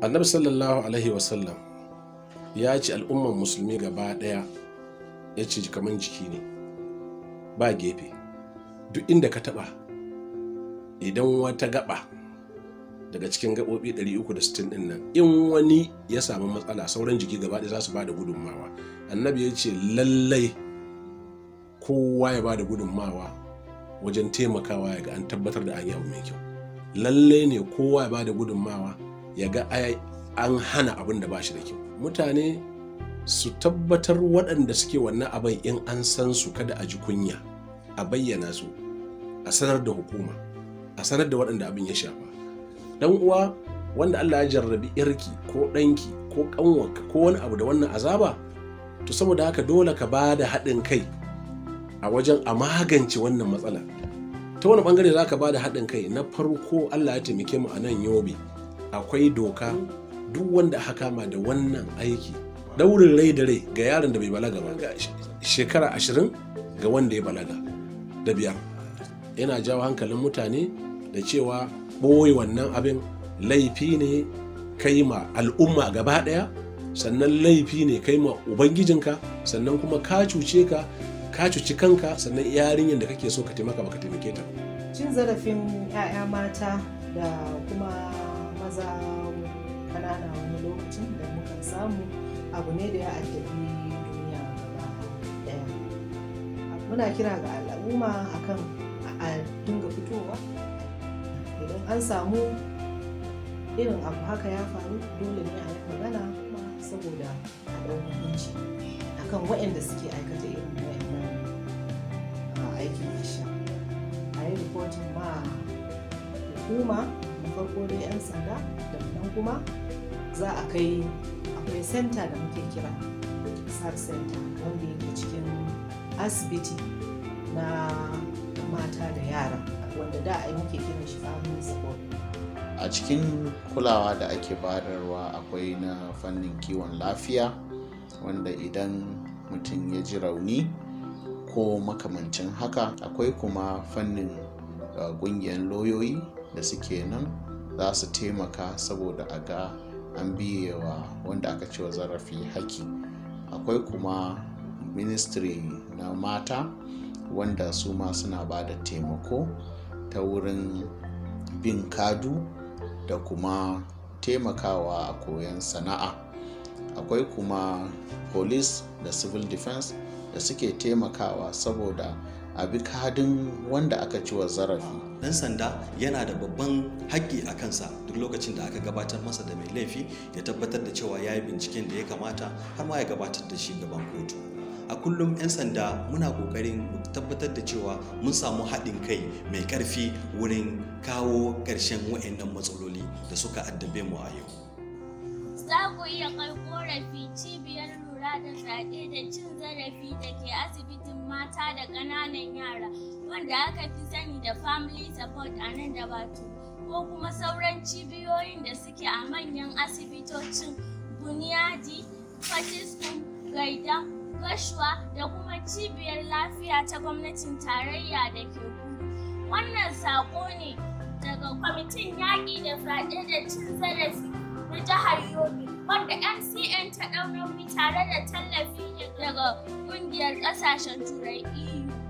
annabi sallallahu alaihi wasallam ya ce al'umman musulmi gaba daya ya ce kaman jiki ne ba gefe duk inda ka taba idan wata gaba daga cikin gaɓoɓi 360 ɗin nan in wani ya samu matsala sauran jiki gaba ɗaya za su ba da gudunmawa annabi ya ce lallai kowa ya ba da gudunmawa wajen taimakawa ga an tabbatar da an yi abu mai kyau lallai ne kowa ya ba da gudunmawa ya ga an hana abin da ba shi da kyau mutane su tabbatar waɗanda suke wannan abin in an san su kada a ji kunya a bayyana su a sanar da hukuma a sanar da waɗanda abin ya shafa ɗan uwa wanda Allah ya jarrabi irki ko ɗanki ko ƙanwanka ko wani abu da wannan azaba to saboda haka dole ka ba da haɗin kai a wajen a magance wannan matsala ta wani ɓangare za ka ba da haɗin kai na farko Allah ya taimake mu a nan yobe akwai doka duk wanda aka kama da wannan aiki daurin rai da rai ga yaron da bai balaga ba shekara ashirin ga wanda ya balaga da biyar yana jawo hankalin mutane da cewa ɓoye wannan abin laifi ne kai ma al'umma gaba ɗaya sannan laifi ne kai ma ubangijinka sannan kuma ka cuce ka ka cuci kanka sannan yarinyar da kake so ka taimaka ka taimake ta cin zarafin 'ya'ya mata da kuma maza kanana wani lokacin da muka samu abu ne da ya addabi duniya gaba daya muna kira ga al'umma akan a dinga fitowa idan an samu irin abu haka ya faru dole ne a yi magana kuma saboda a akan waɗanda suke aikata irin waɗannan ah, aikin isha a yi rikotin ma hukuma farko dai 'yan sanda nan kuma za a kai akwai senta da muke kira sar senta wanda yake cikin asibiti na mata da yara wanda da a yi muke kiran shi family support a cikin kulawa da ake bayarwa akwai na fannin kiwon lafiya wanda idan mutum ya ji rauni ko makamancin haka akwai kuma fannin uh, ƙungiyar uh, da suke nan za su taimaka saboda a ga an biyewa wanda aka cewa zarafi haki akwai kuma ministry na mata wanda su ma suna ba da taimako ta wurin bin kadu da kuma taimakawa a koyon sana'a akwai kuma police da civil defense da suke taimakawa saboda a bi kadin wanda aka ci wa zarafi. Dan sanda yana da babban haƙƙi a kansa duk lokacin da aka gabatar masa da mai laifi ya tabbatar da cewa ya yi binciken da ya kamata har ma ya gabatar da shi gaban kotu. A kullum 'yan sanda muna ƙoƙarin tabbatar da cewa mun samu haɗin kai mai ƙarfi wurin kawo ƙarshen waɗannan matsaloli da suka addabe mu a yau. Za ku iya kai ƙorafi cibiyar lura da zaɓe da cin zarafi da ke asibitin mata da ƙananan yara wanda aka fi sani da family support a nan da bato ko kuma sauran cibiyoyin da suke a manyan asibitocin buniyadi fatisku gaida gashuwa da kuma cibiyar lafiya ta gwamnatin tarayya da ke wannan saƙo ne daga kwamitin yaƙi da fyaɗe da cin zarafi jihar Yobe wanda MCN ta ɗau tare da tallafi daga ƙungiyar ƙasashen Turai EU.